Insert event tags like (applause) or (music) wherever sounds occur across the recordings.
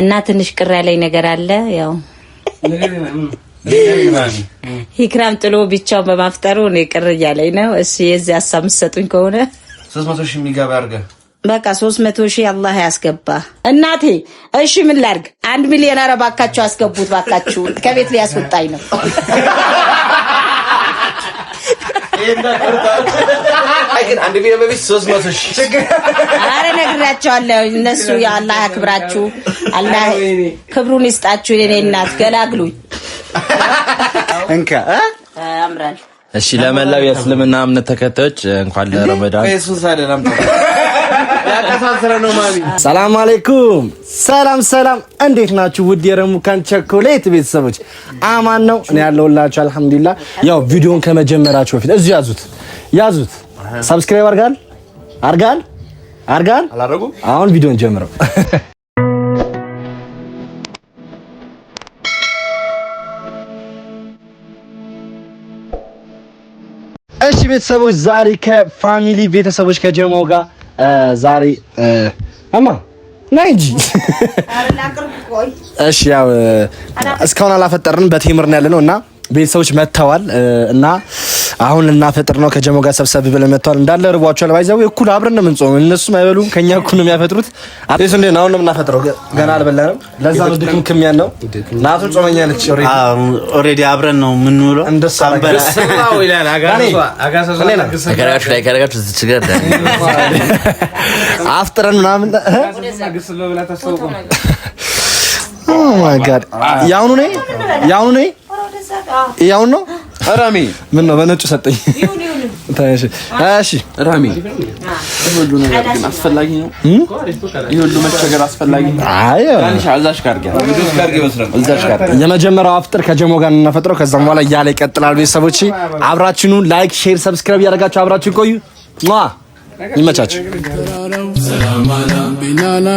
እና ትንሽ ቅር ያለኝ ነገር አለ። ያው ኢክራም ጥሎ ብቻውን በማፍጠሩ እኔ ቅር እያለኝ ነው። እሱ የዚህ ሀሳብ የምትሰጡኝ ከሆነ ሶስት መቶ ሺህ የሚገባ በቃ ሶስት መቶ ሺህ አላህ ያስገባ እናቴ። እሺ ምን ላርግ? አንድ ሚሊዮን አረ ባካችሁ አስገቡት ባካችሁ፣ ከቤት ሊያስወጣኝ ነው። ግን አንድ በቤት ሶስት መቶ ሺህ ነግሬያቸዋለሁ። እነሱ አላህ ያክብራችሁ፣ አላህ ክብሩን ይስጣችሁ። የኔ እናት ገላግሉኝ። እንካ አምራል። እሺ፣ ለመላው የእስልምና እምነት ተከታዮች እንኳን ለረመዳን ሰላም አለይኩም። ሰላም ሰላም፣ እንዴት ናችሁ? ውድ የረሙካን ቸኮሌት ቤተሰቦች አማን ነው እኔ ያለሁላችሁ አልሐምዱሊላህ። ያው ቪዲዮን ከመጀመራችሁ በፊት እዚሁ ያዙት ያዙት። ሰብስክራይብ አርጋል አርጋል አርጋል። አሁን ቪዲዮን ጀምረው እሺ ቤተሰቦች ዛሬ ከፋሚሊ ቤተሰቦች ከጀማው ጋር ዛሬ አማ ናይ እንጂ እሺ፣ ያው እስካሁን አላፈጠርን በቴምር ነው ያለነው እና ቤተሰቦች መጥተዋል እና አሁን እናፈጥር ነው። ከጀሞ ጋር ሰብሰብ ብለን መጥተዋል። እንዳለ ርቧቸዋል። ባይዛው እኩል አብረን ነው የምንጾም። እነሱም አይበሉም፣ ከኛ እኩል ነው የሚያፈጥሩት። አዲስ እንደ አሁን ነው የምናፈጥረው። ገና አልበላንም። ለዛ ነው ድክም ክም ያን ነው ናቱ ጾመኛ ነች። ኦሬዲ አብረን ነው የምንውለው። አፍጥረን ምናምን oh ያሁኑ ነው ያሁኑ ነው ያሁኑ ነው ራሚ ምን ነው በነጩ ሰጠኝ። እሺ ራሚ አስፈላጊ ነው ይሄ ሁሉ መቸገር አስፈላጊ ነው። የመጀመሪያው አፍጥር ከጀሞ ጋር እናፈጥረው ከዛም በኋላ እያለ ይቀጥላል። ቤተሰቦች አብራችኑ ላይክ፣ ሼር፣ ሰብስክራይብ እያደረጋችሁ አብራችሁን ቆዩ። ይመቻችሁ። ሰላም አላ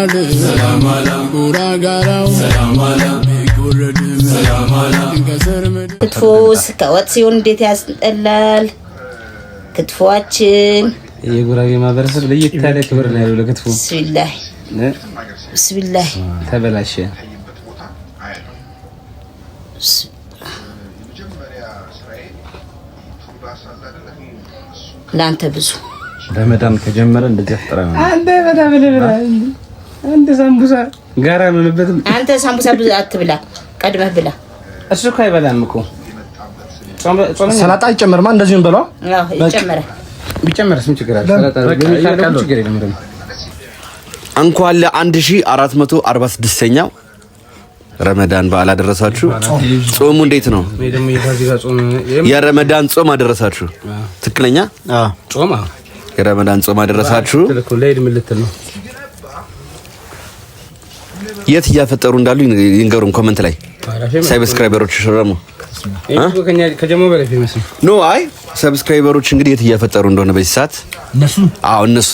ክትፎ ከወጥ ሲሆን እንዴት ያስጠላል። ክትፎችን የጉራጌ ማህበረሰብ ለየት ያለ ክብር ነው ያለው ለክትፎ። ብስሚላህ ብስሚላህ፣ ተበላሸ። ለአንተ ብዙ በመዳም ከጀመረ እንደዚህ አፍጥራ ነው አንተ በጣም አንተ ሳምቡሳ ጋራ አንተ ሳምቡሳ ብዙ አትብላ፣ ቀድመህ ብላ እሱ እኮ አይበላም እኮ ሰላጣ ይጨመርማ። እንደዚሁ እንበላ ቢጨመርስ ምን ችግር አለ? እንኳን ለ1446ኛው ረመዳን በዓል አደረሳችሁ። ጾሙ እንዴት ነው? የረመዳን ጾም አደረሳችሁ። ትክክለኛ ጾም የረመዳን ጾም አደረሳችሁ። የት እያፈጠሩ እንዳሉ ይንገሩን ኮመንት ላይ ሰብስክራይበሮች ሽረሙ ኖ አይ ሰብስክራይበሮች እንግዲህ የት እያፈጠሩ እንደሆነ በዚህ ሰዓት እነሱ አዎ እነሱ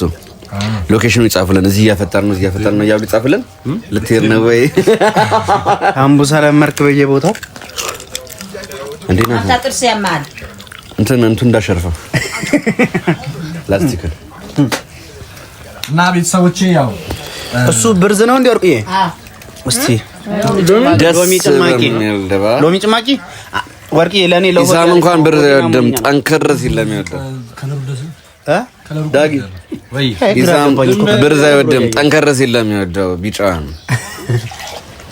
ሎኬሽኑ ይጻፉልን። እዚህ እያፈጠር ነው እዚህ እያፈጠር ነው እያሉ ይጻፉልን። ልትሄድ ነው ወይ (laughs) አምቡሳ ለመርክ በየቦታው እንዴ ነው አታጥርስ ያማል እንትን እንትን እንዳሸርፈ (laughs) ላስቲክ እና ቤተሰቦቼ ያው እሱ ብርዝ ነው እንዲያርቁ ይሄ አዎ እስቲ ሎሚ ጭማቂ ሎሚ ጭማቂ ወርቂ ለኔ ለሆሳም እንኳን ብር ደም ጠንከር ሲል ለሚወደ ዳጊ ኢሳም ብር አይወድም ጠንከር ሲል ለሚወደው ቢጫ ነው።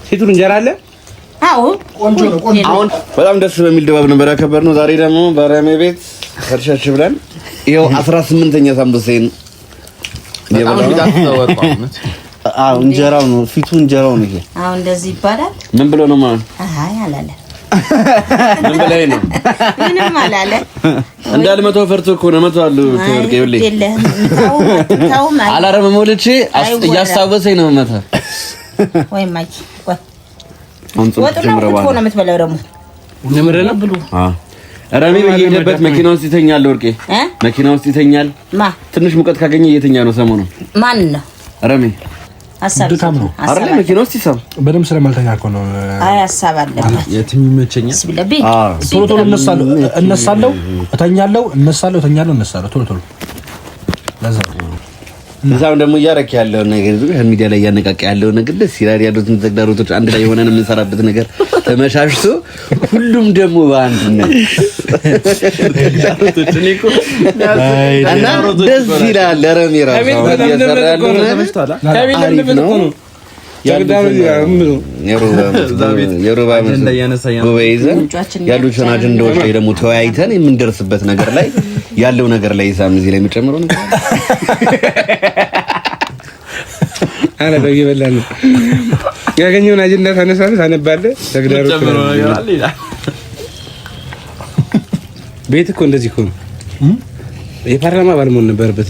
ሴቱን እንጀራ አለ። አዎ ቆንጆ ነው ቆንጆ። አሁን በጣም ደስ በሚል ድባብ ነበር ያከበርነው። ዛሬ ደግሞ ባራሜ ቤት ከርሻሽ ብለን ይኸው አስራ ስምንተኛ ሳምቡሴን የበላ አዎ እንጀራው ነው ፊቱ እንጀራው ነው። ይሄ አዎ እንደዚህ ይባላል። ምን ብሎ ነው ማለት? አይ አላለ። ምን ብለህ ነው? ምንም አላለ። እንዳል መቶ ፈርቶ እኮ ነው። መቶ አሉ ከወርቀ ይውል አላረም ሞልቼ እያስታወሰኝ ነው መታ ወይ ማይ ነው ወጥ ነው የምትበላው ደግሞ የምር ነው ብሎ ረሚ በየሄደበት መኪና ውስጥ ይተኛል። ወርቄ መኪና ውስጥ ይተኛል። ትንሽ ሙቀት ካገኘ እየተኛ ነው ሰሞኑን። ማን ነው ረሚ? ድካም ነው አይደለ? መኪና ውስጥ ይሳም በደንብ ስለማልተኛ እኮ ነው። አይ ሀሳብ አለ የትም ይመቸኛል። ቶሎ ቶሎ እነሳለሁ፣ እተኛለሁ፣ እነሳለሁ፣ እተኛለሁ፣ እነሳለሁ ቶሎ ቶሎ ለዛ እዛም ደግሞ እያረክ ያለውን ነገር ዝም ሚዲያ ላይ እያነቃቃ ያለውን ነገር ደስ ይላል። ያሉትን ተግዳሮቶች አንድ ላይ የሆነን የምንሰራበት ነገር ተመሻሽቶ ሁሉም ደግሞ በአንድነት ደስ ይላል። ለረሚራ ለረሜራ ያለው ነው የሮባምን ያሉትን (laughs) አጀንዳዎች ላይ ደግሞ ተወያይተን የምንደርስበት ነገር ላይ (laughs) ያለው ነገር ላይ እዚህ ላይ የሚጨምረው ነገር አለ (laughs) ያገኘውን አጀንዳ ታነሳለህ፣ ታነባለህ። ተግዳሮት ቤት እኮ እንደዚህ እኮ ነው። የፓርላማ ባልሞን ነበረበት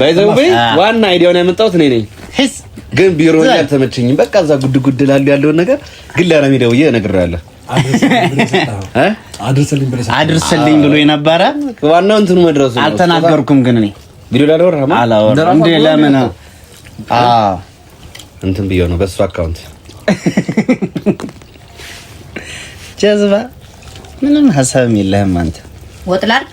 ባይዘው ዋና አይዲያውን ያመጣሁት እኔ ነኝ፣ ግን ቢሮ ላይ አልተመቸኝም። በቃ እዛ ጉድ ጉድ ላሉ ያለውን ነገር ግን ለረሜ ደውዬ እነግርሃለሁ። አድርስልኝ ብሎ የነበረ ዋናው እንትኑ መድረሱ አልተናገርኩም። ግን እኔ ቪዲዮ ላላወራማ አላወራም እንዴ? ለምን እንትን ብዬ ነው በሱ አካውንት ጀዝባ ምንም ሀሳብም የለህም አንተ ወጥላርክ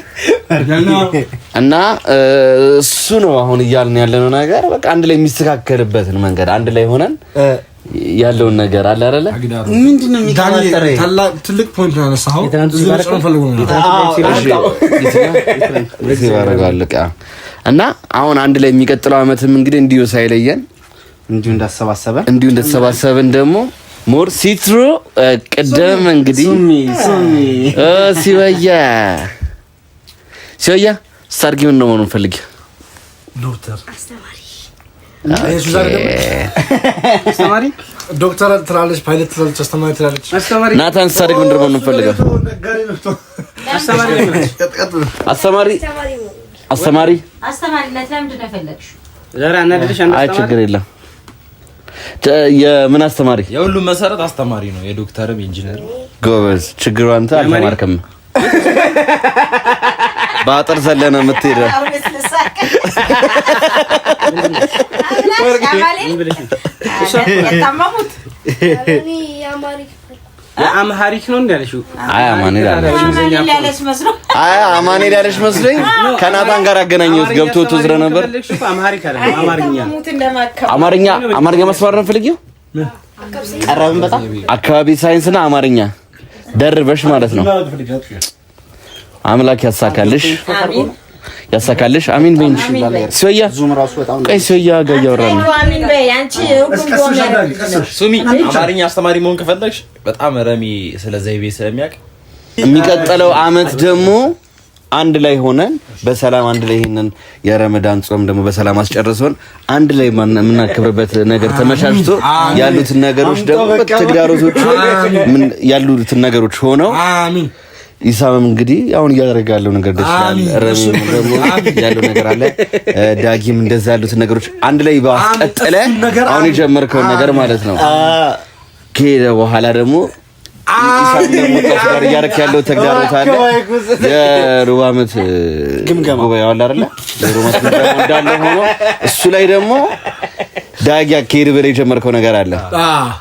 (laughs) እና እሱ ነው አሁን እያልን ያለነው ነገር በቃ አንድ ላይ የሚስተካከልበትን መንገድ አንድ ላይ ሆነን ያለውን ነገር አለ አይደለ? ምንድነው የሚቀራጠረኝ? ትልቅ ፖይንት ነው ያነሳኸው። እና አሁን አንድ ላይ የሚቀጥለው አመትም እንግዲህ እንዲሁ ሳይለየን እንዲሁ እንዳሰባሰበን እንዲሁ እንደተሰባሰበን ደግሞ ሞር ሲትሮ ቅደም እንግዲህ ሲበያ ሲወያ ስታርጊ ምን ነው መሆኑ ፈልግ ዶክተር አስተማሪ ዶክተር ትላለች፣ ፓይለት ትላለች፣ አስተማሪ ትላለች። ናታን ስታድግ ምንድን ነው የምንፈልገው? አስተማሪ አስተማሪ አይ ችግር የምን አስተማሪ? የሁሉም መሰረት አስተማሪ ነው። የዶክተርም ኢንጂነር ጎበዝ። ችግሩ አንተ አልተማርክም። በአጥር ዘለነ የምትሄደ አማኔል አለሽ መስሎኝ ከናታን ጋር አገናኘሁት። ገብቶ ትዝረ ነበር። አማርኛ አማርኛ መስማት ነው ፈልጊው። ቀረብን በጣም አካባቢ ሳይንስና አማርኛ ደርበሽ ማለት ነው። አምላክ ያሳካልሽ ያሳካልሽ። አሚን በይ እንጂ ሶያ ቀይ ሶያ ጋር እያወራን ነው። ሱሚ አማርኛ አስተማሪ መሆን ከፈለግሽ በጣም ረሚ ስለ ዘይቤ ስለሚያውቅ የሚቀጥለው አመት ደግሞ አንድ ላይ ሆነን በሰላም አንድ ላይ ይሄንን የረመዳን ጾም ደግሞ በሰላም አስጨርሰን አንድ ላይ የምናከብርበት ነገር ተመቻችቶ ያሉትን ነገሮች ደግሞ ተግዳሮቶች ያሉትን ነገሮች ሆነው ኢሳምም እንግዲህ አሁን እያደረገ ያለው ነገር ደስ ይላል። ረሚም ደግሞ ያለው ነገር አለ። ዳጊም እንደዛ ያሉትን ነገሮች አንድ ላይ ባስቀጠለ አሁን የጀመርከውን ነገር ማለት ነው ከሄደ በኋላ ደግሞ ጋር እያደረክ ያለው ተግዳሮት አለ። የሩብ ዓመት ጉባኤ አለ አይደለ? የሩብ ዓመት ጉባኤ እንዳለ ሆኖ እሱ ላይ ደግሞ ዳጊ አካሄድ በላይ የጀመርከው ነገር አለ።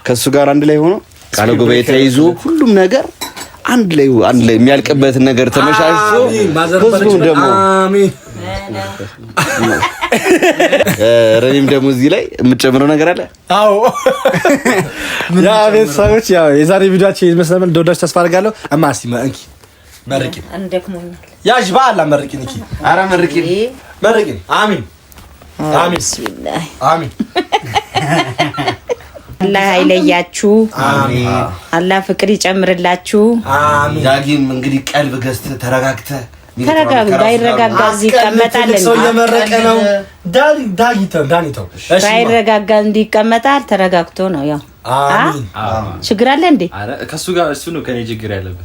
ከእሱ ጋር አንድ ላይ ሆኖ ቃለ ጉባኤ ተይዞ ሁሉም ነገር አንድ ላይ አንድ ላይ የሚያልቅበትን ነገር ተመሻሽቶ ህዝቡም ደግሞ ረኔም ደግሞ እዚህ ላይ የምትጨምረው ነገር አለ? አዎ ያ ቤተሰቦች፣ ያው የዛሬ ቪዲዮችን ይመስላል። እንደወዳችሁ ተስፋ አድርጋለሁ። እማ እስኪ እንኪ መርቂ ያዥ በአላ መርቂ ንኪ፣ ኧረ መርቂ መርቂ። አሚን አሚን አሚን። አላህ አይለያችሁ፣ አላህ ፍቅር ይጨምርላችሁ። ዳጊም እንግዲህ ቀልብ ገዝተህ ተረጋግተህ ተረጋጉ። ባይረጋጋ እዚህ ይቀመጣል። ሰው ነው። ተረጋግቶ ነው ያው ችግር አለ እንዴ? ከሱ ጋር እሱ ነው ከኔ ችግር ያለበት።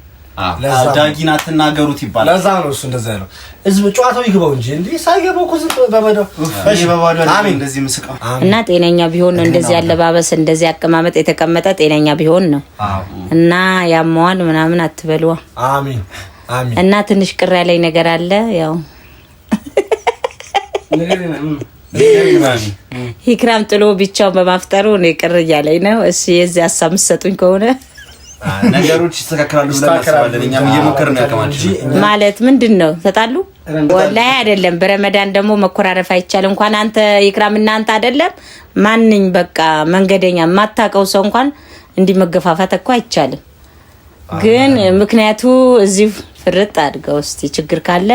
ዳጊን አትናገሩት ይባላል። ለዛ ነው እሱ እንደዛ ያለው። ህዝብ ጨዋታው ይግባው እንጂ እንዲህ ሳይገባው እኮ ዝም በባዶ እሺ፣ በባዶ እንደዚህ ምስቀው እና ጤነኛ ቢሆን ነው እንደዚህ አለባበስ፣ እንደዚህ አቀማመጥ የተቀመጠ ጤነኛ ቢሆን ነው እና ያመዋል ምናምን አትበሉዋ። አሜን አሜን። እና ትንሽ ቅር ያለኝ ነገር አለ ያው ኢክራም ጥሎ ብቻውን በማፍጠሩ እኔ ቅር እያለኝ ነው። እሺ የዚህ ሀሳብ ምትሰጡኝ ከሆነ ነገሮች ይስተካከላሉ ብለን እናስባለን። እኛም እየሞከርን ነው። ያከማችን ማለት ምንድን ነው ተጣሉ? ወላሂ አይደለም። በረመዳን ደግሞ መኮራረፍ አይቻል። እንኳን አንተ ይክራም እናንተ አይደለም ማንኝ በቃ መንገደኛ የማታውቀው ሰው እንኳን እንዲህ መገፋፋት እኮ አይቻልም። ግን ምክንያቱ እዚህ ፍርጥ አድርገው እስቲ ችግር ካለ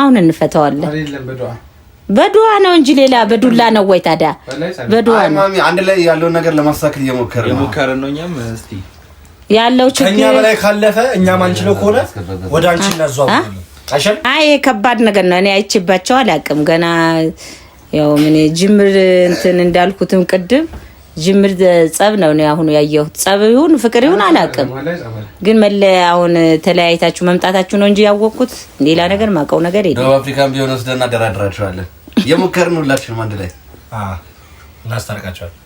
አሁን እንፈተዋለን። በዱዋ ነው እንጂ ሌላ በዱላ ነው ወይ ታዲያ? በዱዋ ነው። አንድ ላይ ያለውን ነገር ለማስተካከል እየሞከርን ነው እኛም እስቲ ያለው ችግር ከኛ በላይ ካለፈ እኛ ማንችለው ከሆነ ወደ አንቺ እናዘዋወራለን። አይ ከባድ ነገር ነው። እኔ አይቼባቸው አላውቅም። ገና ያው ምን ጅምር እንትን እንዳልኩትም ቅድም ጅምር ጸብ ነው ነው አሁን ያየሁት። ጸብ ይሁን ፍቅር ይሁን አላውቅም፣ ግን መለ አሁን ተለያይታችሁ መምጣታችሁ ነው እንጂ ያወቅኩት ሌላ ነገር ማውቀው ነገር የለም። ደቡብ አፍሪካም ቢሆን ወስደን እናደራድራችኋለን። የሙከርን ሁላችንም አንድ ላይ እናስታርቃችኋለን።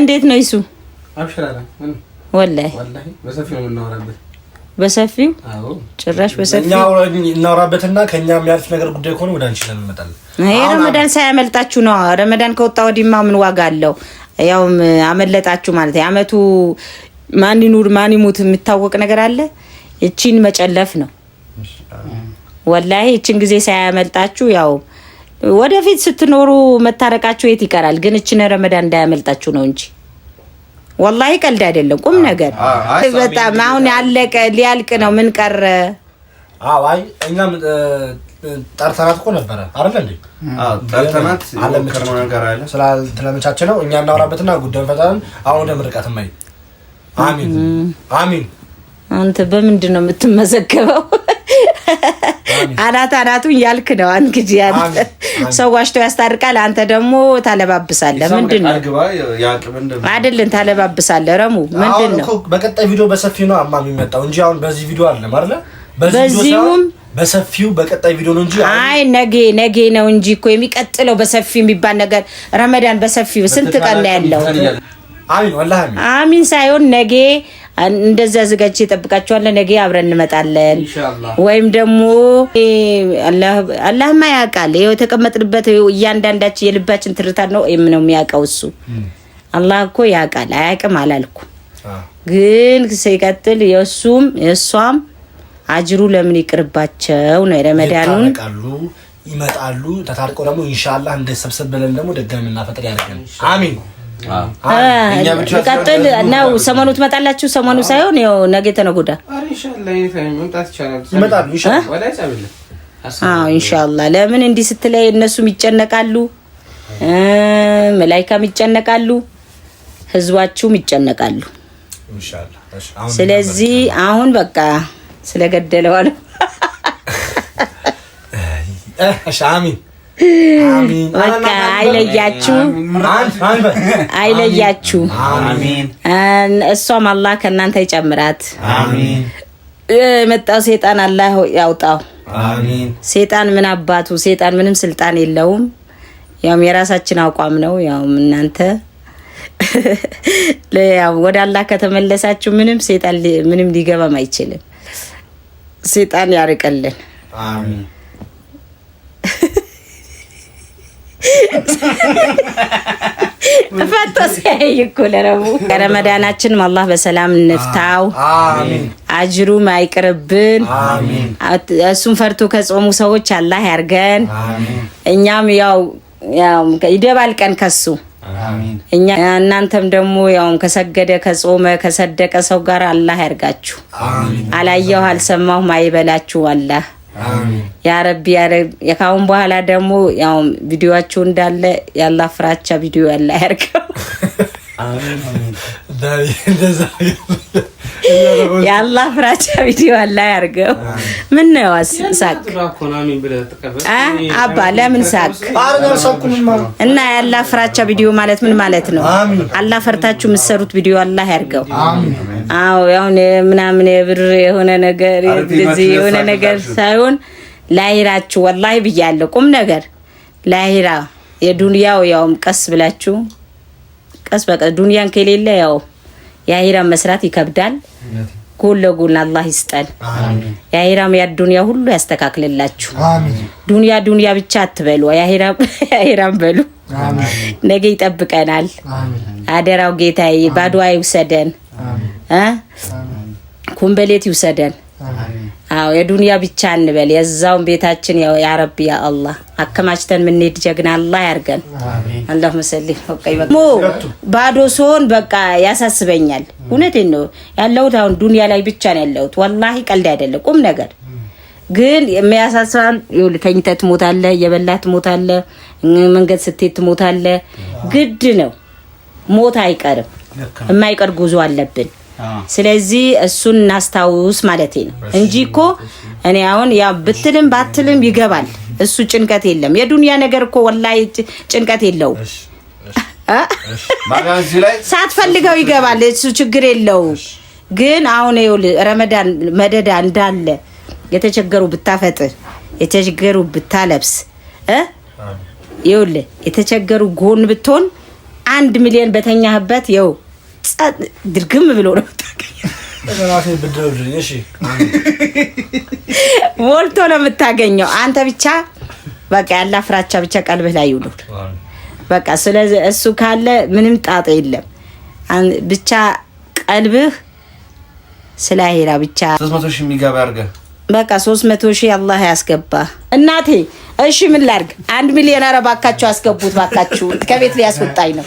እንዴት ነው ይሱ ወላሂ በሰፊው የምናወራበት በሰፊው ጭራሽ በሰፊው እናወራበትና ከኛ የሚያልፍ ነገር ጉዳይ ከሆነ ወደ አንቺ እንመጣለን። ይሄ ረመዳን ሳያመልጣችሁ ነው። ረመዳን ከወጣ ወዲማ ምን ዋጋ አለው? ያውም አመለጣችሁ ማለት አመቱ ማን ይኑር ማን ይሙት የሚታወቅ ነገር አለ? እቺን መጨለፍ ነው። ወላሂ እቺን ጊዜ ሳያመልጣችሁ ያው ወደፊት ስትኖሩ መታረቃችሁ የት ይቀራል? ግን እችን ረመዳን እንዳያመልጣችሁ ነው እንጂ ወላሂ ቀልድ አይደለም፣ ቁም ነገር በጣም አሁን ያለቀ ሊያልቅ ነው። ምን ቀረ? አይ እኛም ጠርተናት እኮ ነበረ አይደል እንዴ? ጠርተናት ስላልተመቻቸ ነው። እኛ እናውራበትና ጉዳዩን ፈታን። አሁን ወደ ምርቃት ማይ አሚን አሚን። አንተ በምንድን ነው የምትመዘገበው? አናት አናቱን ያልክ ነው እንግዲህ። ሰው ዋሽቶ ያስታርቃል፣ አንተ ደግሞ ታለባብሳለህ። ምንድን ነው ታለባብሳለህ። ረሙ ምንድን ነው? በቀጣይ ቪዲዮ በሰፊ ነው አማ የሚመጣው እንጂ አሁን በዚህ ቪዲዮ አለ አለ በዚሁም በሰፊው በቀጣይ ቪዲዮ ነው እንጂ አይ ነገ ነገ ነው እንጂ እኮ የሚቀጥለው በሰፊው የሚባል ነገር ረመዳን በሰፊው ስንት ቀን ያለው? አሚን ወላሂ አሚን ሳይሆን ነገ እንደዚህ አዘጋጅቼ እጠብቃቸዋለሁ። ነገ አብረን እንመጣለን። ወይም ደግሞ አላህማ ያውቃል። ይኸው የተቀመጥንበት እያንዳንዳችን የልባችን ትርታ ነው ነው የሚያውቀው እሱ። አላህ እኮ ያውቃል። አያውቅም አላልኩ። ግን ሲቀጥል የእሱም የእሷም አጅሩ ለምን ይቅርባቸው ነው ረመዳኑን ይመጣሉ ተታርቆ ደግሞ ኢንሻአላህ እንደሰብሰብ ብለን ደግሞ ደጋሚ እናፈጥር ያደርገን። አሚን ቀጥል ነው። ሰሞኑ ትመጣላችሁ? ሰሞኑ ሳይሆን ያው ነገ ተነጎዳ ኢንሻላህ። ለምን እንዲህ ስትለይ እነሱም ይጨነቃሉ፣ መላይካም ይጨነቃሉ፣ ህዝባችሁም ይጨነቃሉ። ስለዚህ አሁን በቃ ስለገደለዋለሁ። አሚን በቃ አይለያችሁ፣ አይለያችሁ። እሷም አላህ ከእናንተ ይጨምራት። የመጣው ሴጣን አላህ ያውጣው። ሴጣን ምን አባቱ ሴጣን ምንም ስልጣን የለውም። ያውም የራሳችን አቋም ነው። ያውም እናንተ (laughs) ወደ አላህ ከተመለሳችሁ ምንም ሴጣን ምንም ሊገባም አይችልም። ሴጣን ያርቀልን። ፈቶ ሲያይ እኮ ለረቡዕ ረመዳናችንም አላህ በሰላም እንፍታው፣ አጅሩም አይቅርብን። እሱን ፈርቶ ከጾሙ ሰዎች አላህ ያርገን። እኛም ያው ቀን ከሱ እናንተም ደግሞ ያውም ከሰገደ ከጾመ ከሰደቀ ሰው ጋር አላህ ያርጋችሁ። አላየሁ አልሰማሁም አይበላችሁ አላህ ያረቢ ካሁን በኋላ ደግሞ ያው ቪዲዮቸው እንዳለ ያላ ፍራቻ ቪዲዮ ያላ ያርገው። (laughs) የአላህ ፍራቻ ቪዲዮ አላ ያርገው። ምን ነው ሳቅ አባ ለምን ሳቅ እና የአላህ ፍራቻ ቪዲዮ ማለት ምን ማለት ነው? አላህ ፈርታችሁ የምትሰሩት ቪዲዮ አላህ ያርገው። አዎ ያሁን ምናምን የብር የሆነ ነገር የሆነ ነገር ሳይሆን ላይራችሁ፣ ወላሂ ብያለሁ ቁም ነገር ላይራ የዱንያው ያውም ቀስ ብላችሁ ቀስ በቀስ ዱንያን ከሌለ ያው የአሄራም መስራት ይከብዳል። ጎን ለጎን አላህ ይስጠን። የአሄራም ያ ሁሉ ያስተካክልላችሁ። ዱንያ ዱንያ ብቻ አትበሉ፣ የአሄራም (laughs) በሉ። ነገ ይጠብቀናል። አደራው ጌታዬ ባዶ ይውሰደን፣ ኩምበሌት ይውሰደን። አዎ የዱንያ ብቻ እንበል። የዛውን ቤታችን ያ ረቢ ያ አላህ አከማችተን የምንሄድ ጀግና አላህ ያርገን። አላሁ መሰሊ ሞ ባዶ ሲሆን በቃ ያሳስበኛል። እውነቴን ነው ያለሁት አሁን ዱንያ ላይ ብቻ ነው ያለሁት። ወላሂ ቀልድ አይደለም፣ ቁም ነገር ግን የሚያሳስባን ተኝተህ ትሞታለህ፣ የበላህ ትሞታለህ፣ መንገድ ስትሄድ ትሞታለህ። ግድ ነው ሞት አይቀርም፣ የማይቀር ጉዞ አለብን። ስለዚህ እሱን እናስታውስ ማለት ነው እንጂ እኮ እኔ አሁን ያ ብትልም ባትልም ይገባል። እሱ ጭንቀት የለም። የዱንያ ነገር እኮ ወላሂ ጭንቀት የለው። ሳትፈልገው ይገባል። እሱ ችግር የለው። ግን አሁን ይኸውልህ ረመዳን መደዳ እንዳለ የተቸገሩ ብታፈጥር፣ የተቸገሩ ብታለብስ፣ ይኸውልህ የተቸገሩ ጎን ብትሆን አንድ ሚሊዮን በተኛህበት ይኸው ድርግም ብሎ ነው ሞልቶ ነው የምታገኘው። አንተ ብቻ በቃ ያለ ፍራቻ ብቻ ቀልብህ ላይ ይውሉ። በቃ ስለዚህ እሱ ካለ ምንም ጣጥ የለም። ብቻ ቀልብህ ስለ አሄራ ብቻ በቃ ሶስት መቶ ሺህ አላህ ያስገባ እናቴ። እሺ ምን ላርግ? አንድ ሚሊዮን አረ ባካችሁ አስገቡት ባካችሁ፣ ከቤት ሊያስወጣኝ ነው።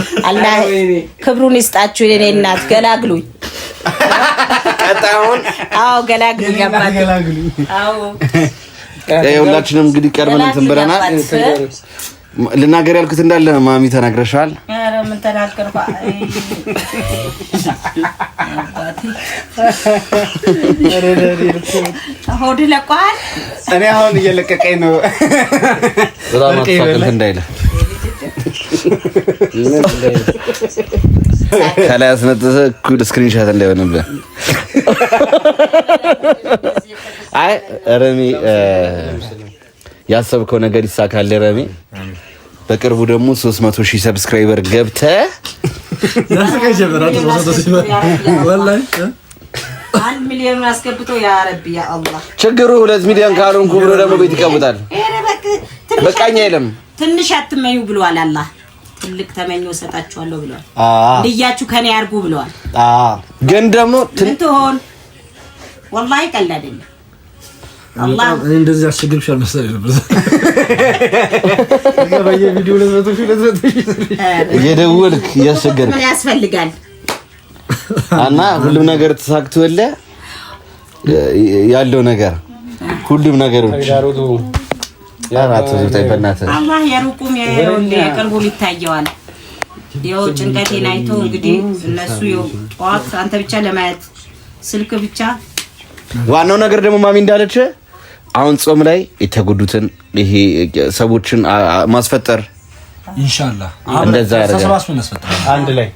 አላህ ክብሩን ይስጣችሁ። የኔ እናት ገላግሉኝ። ቀጣሁን አዎ፣ ገላግሉኝ አባቴ። አዎ ሁላችንም እንግዲህ ቀርበን እንትን ብለናል። ልናገር ያልኩት እንዳለ ማሚ ተናግረሻል። ሆድ ለቋል። እኔ አሁን እየለቀቀኝ ነው እንዳይለ ከላይ አስመጥተህ እኩል ስክሪንሻት እንዳይሆንብህ። አይ ረሚ ያሰብከው ነገር ይሳካል ረሚ በቅርቡ ደግሞ 300 ሺህ ሰብስክራይበር ገብተ ችግሩ ሁለት ሚሊዮን ካልሆንኩ ብሎ ደግሞ ቤት ይቀቡታል። በቃኛ የለም ትንሽ አትመኙ ብሏል አላህ ትልቅ ተመኞ ሰጣችኋለሁ ብለዋል። እንድያችሁ ከኔ ያርጉ ብለዋል። ግን ደግሞ ትሆን ወላሂ ቀላደኛ እንደዚህ አስቸግርሽ አልመሰለኝ ነበር። (laughs) በየቪዲዮ እየደወልክ እያስቸገርክ ምን ያስፈልጋል? እና ሁሉም ነገር ተሳክቶልህ ያለው ነገር ሁሉም ነገሮች አላህ የሩቁም ይታየዋል። ይኸው ጭንቀቴን አይቶ እንግዲህ እነሱ ጠዋት አንተ ብቻ ለማየት ስልክ ብቻ። ዋናው ነገር ደግሞ ማሚ እንዳለች አሁን ጾም ላይ የተጎዱትን ይሄ ሰዎችን ማስፈጠር ኢንሻአላህ እንደዛ ያደርጋል አንድ ላይ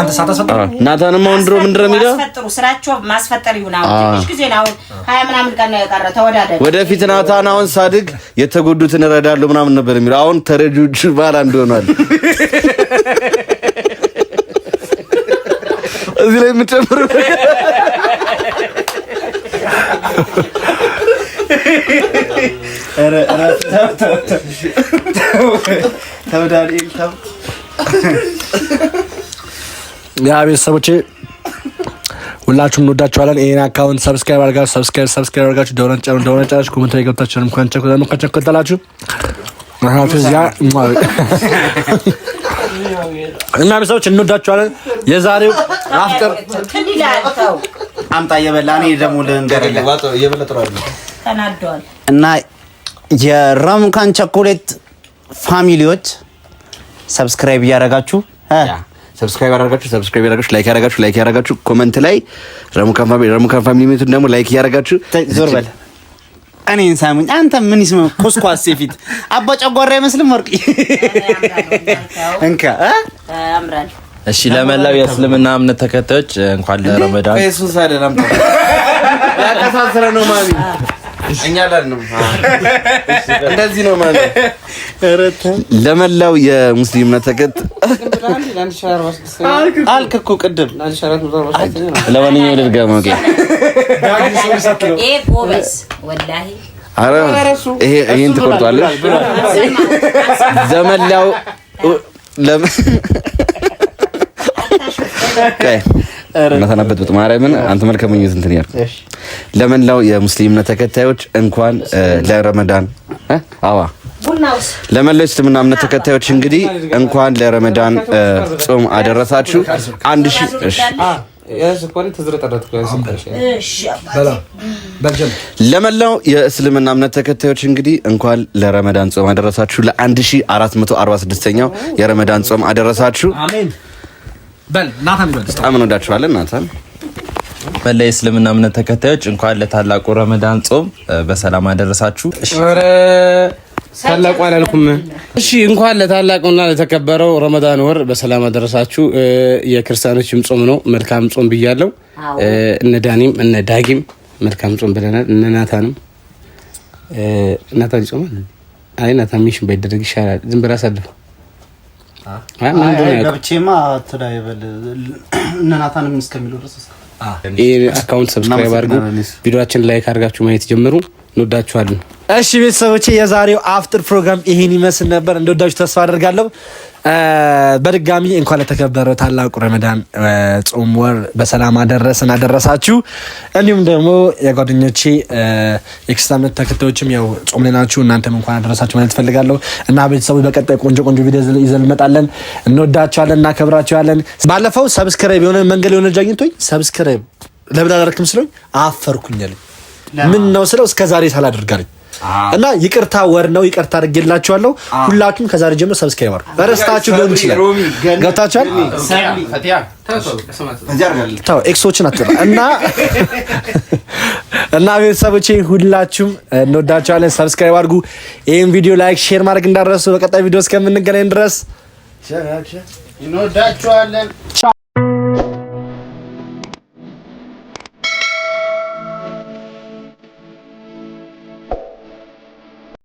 አንተ ሳታስፈጥር ናታንም አሁን ድሮ ምንድን ነው የሚለው ስራቸው ማስፈጠር ይሁን። አሁን ጊዜ አሁን ሀያ ምናምን ቀን ነው የቀረ ተወዳደር። ወደፊት ናታን አሁን ሳድግ የተጎዱትን እረዳለሁ ምናምን ነበር የሚለው። አሁን ተረጆች ባላ አንድ ሆኗል። እዚህ ላይ የምጨምር ተው ተው ተው ያ ቤተሰቦቼ ሁላችሁም እንወዳችኋለን። ይህን አካውንት ሰብስክራይብ አድርጋችሁ ሰብስክራይብ ሰብስክራይብ አድርጋችሁ ደውለን ጨሩ ደውለን ጨራችሁ ኮመንት ላይ ገብታችሁ እንኳን ቸኩ ለምን ከቸኩታላችሁ እና ቤተሰቦች እንወዳችኋለን። የዛሬው አፍቅር አምጣ እየበላ እኔ ደግሞ ልንገርልህ እና የራምካን ቸኮሌት ፋሚሊዎች ሰብስክራይብ እያደረጋችሁ ሰብስክራይብ ያደረጋችሁ ሰብስክራይብ ያደረጋችሁ ላይክ ያደረጋችሁ ላይክ ያደረጋችሁ ኮመንት ላይ ረሙካን ፋሚሊ ረሙካን ፋሚሊ ሜቱን ደግሞ ላይክ እያደረጋችሁ ዞር በል እኔን ሳሙኝ። አንተ ምን ይስመ ኮስኳስ ፊት አባ ጨጓራ አይመስልም? ወርቅ እንካ አምራል። እሺ ለመላው የእስልምና እምነት ተከታዮች እንኳን ለረመዳን ኢየሱስ አይደለም ያቀሳሰረ ነው ማሚ እኛ እንደዚህ ነው ማለት ለመላው የሙስሊም እምነት ተከት አልክ እኮ ቅድም። ለማንኛውም ልድገመው ይሄን ትቆርጧለሽ ዘመላው እናተናበት ማርያምን አንተ መልካም እንትን ያልኩ ለመላው የሙስሊም ተከታዮች እንኳን ለረመዳን አዋ ለመላው የእስልምና እምነት ተከታዮች እንግዲህ እንኳን ለረመዳን ጾም አደረሳችሁ። አንድ ሺ ለመላው የእስልምና እምነት ተከታዮች እንግዲህ እንኳን ለረመዳን ጾም አደረሳችሁ። ለ1446ኛው የረመዳን ጾም አደረሳችሁ። በል ናታን በጣም እንወዳችኋለን ናታን። በላይ እስልምና እምነት ተከታዮች እንኳን ለታላቁ ረመዳን ጾም በሰላም አደረሳችሁ። ታላቁ አላልኩም። እሺ እንኳን ለታላቁና ለተከበረው ረመዳን ወር በሰላም አደረሳችሁ። የክርስቲያኖችም ጾም ነው። መልካም ጾም ብያለው። እነ ዳኒም እነ ዳጊም መልካም ጾም ብለናል። እነ ናታንም ናታን ይጾማል። አይ ናታን ሚሽን ባይደረግ ይሻላል። ዝም ብላ አሳልፈው ገብቼማ አካውንት ሰብስክራይብ አድርጉ፣ ቪዲዮችን ላይክ አድርጋችሁ ማየት ጀምሩ። እንወዳችኋለን። እሺ ቤተሰቦቼ፣ የዛሬው አፍጥር ፕሮግራም ይሄን ይመስል ነበር። እንደወዳችሁ ተስፋ አደርጋለሁ። በድጋሚ እንኳን ለተከበረው ታላቁ ረመዳን ጾም ወር በሰላም አደረሰን አደረሳችሁ። እንዲሁም ደግሞ የጓደኞቼ የክርስቲያን እምነት ተከታዮችም ያው ጾም ላይ ናችሁ፣ እናንተም እንኳን አደረሳችሁ ማለት እፈልጋለሁ እና ቤተሰቦች በቀጣይ ቆንጆ ቆንጆ ቪዲዮ ይዘን እንመጣለን። እንወዳችኋለን፣ እናከብራችኋለን። ባለፈው ሰብስክራይብ የሆነ መንገድ የሆነ ልጅ አግኝቶኝ ሰብስክራይብ ለምን አላደረክም ስለኝ አፈርኩኛል። ምን ነው ስለው እስከዛሬ ሳላደርጋለኝ እና ይቅርታ ወር ነው። ይቅርታ አድርጌላችኋለሁ። ሁላችሁም ከዛሬ ጀምሮ ሰብስክራይብ አድርጉ። በረስታችሁ ሊሆን ይችላል። ገብታችኋል። ተው ኤክሶችን አትጥራ እና (laughs) እና ቤተሰቦቼ ሁላችሁም እንወዳችኋለን። ሰብስክራይብ አድርጉ። ይህን ቪዲዮ ላይክ፣ ሼር ማድረግ እንዳትረሱ። በቀጣይ ቪዲዮ እስከምንገናኝ ድረስ እንወዳችኋለን።